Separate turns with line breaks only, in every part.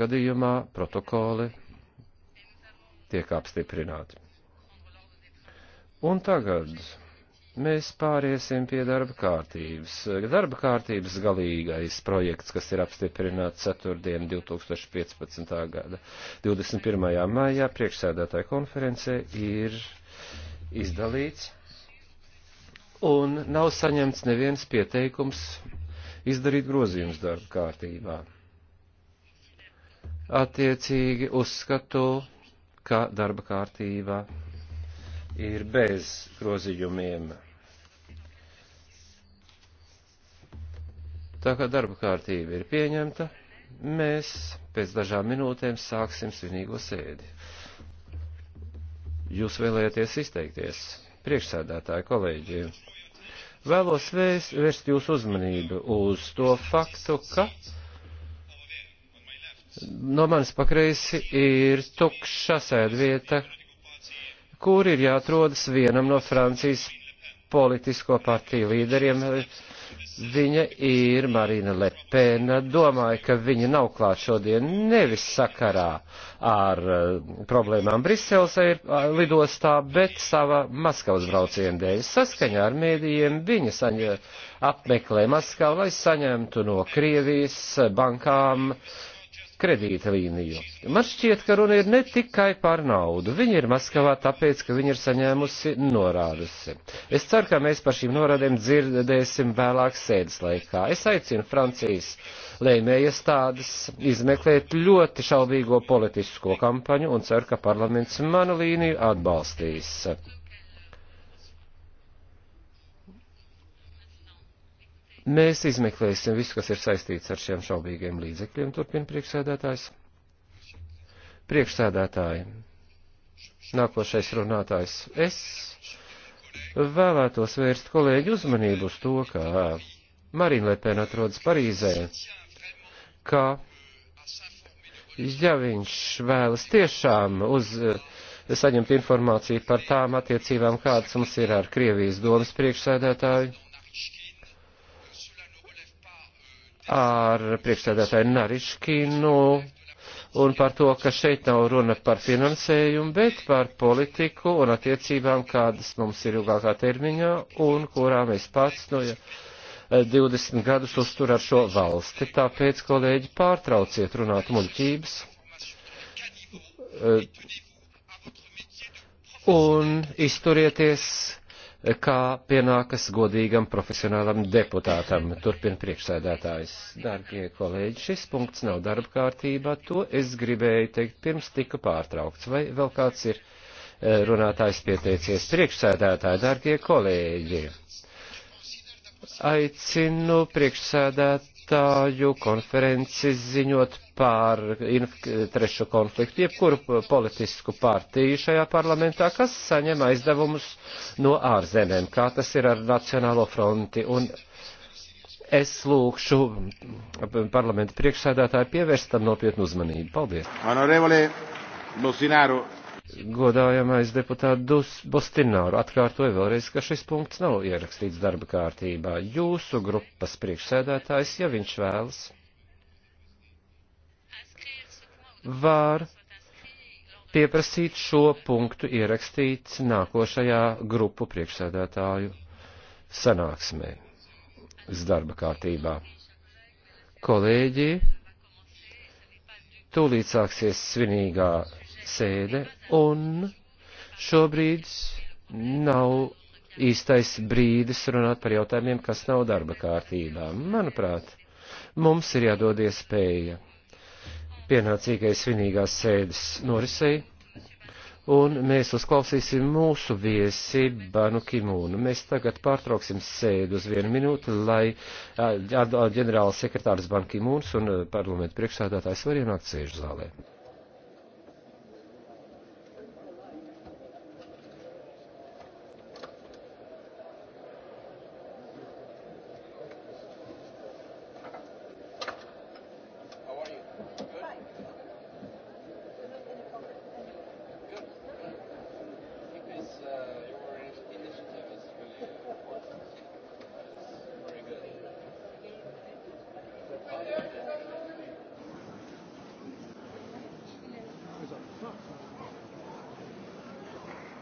gadījumā protokoli tiek apstiprināti. Un tagad mēs pāriesim pie darba kārtības. Darba kārtības galīgais projekts, kas ir apstiprināts ceturtdien 2015. gada 21. maijā priekšsēdētāja konferencē, ir izdalīts un nav saņemts neviens pieteikums izdarīt grozījums darba kārtībā. Attiecīgi uzskatu, ka darba kārtība ir bez grozījumiem. Tā kā darba kārtība ir pieņemta, mēs pēc dažām minūtēm sāksim svinīgo sēdi. Jūs vēlēties izteikties, priekšsēdētāji kolēģi. Vēlos vērst jūsu uzmanību uz to faktu, ka No manis pakreisi ir tukša sēdvieta, kur ir jāatrodas vienam no Francijas politisko partiju līderiem. Viņa ir Marina Lepena. Domāju, ka viņa nav klāt šodien nevis sakarā ar eh, problēmām Briseles eh, lidostā, bet sava Maskavas brauciena dēļ. Saskaņā ar mēdījiem viņa saņa, apmeklē Maskavu, lai saņemtu no Krievijas bankām uh, kredīta līniju. Man šķiet, ka runa ir ne tikai par naudu. Viņa ir Maskavā tāpēc, ka viņa ir saņēmusi norādes. Es ceru, ka mēs par šīm norādēm dzirdēsim vēlāk sēdes laikā. Es aicinu Francijas lēmējiestādes izmeklēt ļoti šaubīgo politisko kampaņu un ceru, ka parlaments manu līniju atbalstīs. Mēs izmeklēsim visu, kas ir saistīts ar šiem šaubīgiem līdzekļiem, turpina priekšsēdētājs. Priekšsēdētāji, nākošais runātājs, es vēlētos vērst kolēģi uzmanību uz to, ka Marina Lepena atrodas Parīzē, ka, ja viņš vēlas tiešām uz, saņemt informāciju par tām attiecībām, kādas mums ir ar Krievijas domas priekšsēdētāju, ar priekšsēdētāju Nariškinu un par to, ka šeit nav runa par finansējumu, bet par politiku un attiecībām, kādas mums ir ilgākā termiņā un kurā mēs pats no 20 gadus uztur ar šo valsti. Tāpēc, kolēģi, pārtrauciet runāt muļķības. Eh, un izturieties kā pienākas godīgam profesionālam deputātam. Turpin priekšsēdētājs. Dārgie kolēģi, šis punkts nav darba kārtībā. To es gribēju teikt pirms tika pārtraukts. Vai vēl kāds ir eh, runātājs pieteicies priekšsēdētāji, dārgie kolēģi? aicinu priekšsēdētāju konferenci ziņot par interešu konfliktu, jebkuru politisku partiju šajā parlamentā, kas saņem aizdevumus no ārzemēm, kā tas ir ar Nacionālo fronti. Un es lūkšu parlamenta priekšsēdētāju pievērst tam nopietnu uzmanību. Paldies! Honorevole Bosināro, godājamais deputāts Bostināru atkārtoja vēlreiz, ka šis punkts nav ierakstīts darba kārtībā. Jūsu grupas priekšsēdētājs, ja viņš vēlas, var pieprasīt šo punktu ierakstīt nākošajā grupu priekšsēdētāju sanāksmē darba kārtībā. Kolēģi, tūlīt sāksies svinīgā sēde, un šobrīd nav īstais brīdis runāt par jautājumiem, kas nav darba kārtībā. Manuprāt, mums ir jādod iespēja pienācīgai svinīgās sēdes norisei, un mēs uzklausīsim mūsu viesi Banu Kimūnu. Mēs tagad pārtrauksim sēdu uz vienu minūti, lai ģenerāla sekretārs Banu Kimūns un parlamenta priekšsādātājs var ienākt sēžu zālē.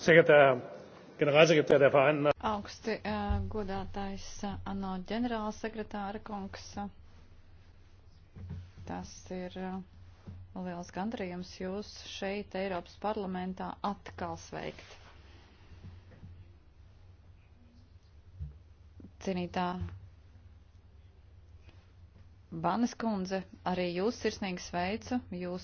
Sehr geehrter Herr Generālsekretēr der Vereinten Nationen. Augsti uh, godātais uh, eh, ANO ģenerālsekretāra kungs. Tas ir uh, liels gandarījums jūs šeit Eiropas parlamentā atkal sveikt. Cienītā Banes kundze, arī jūs sirsnīgi sveicu. Jūs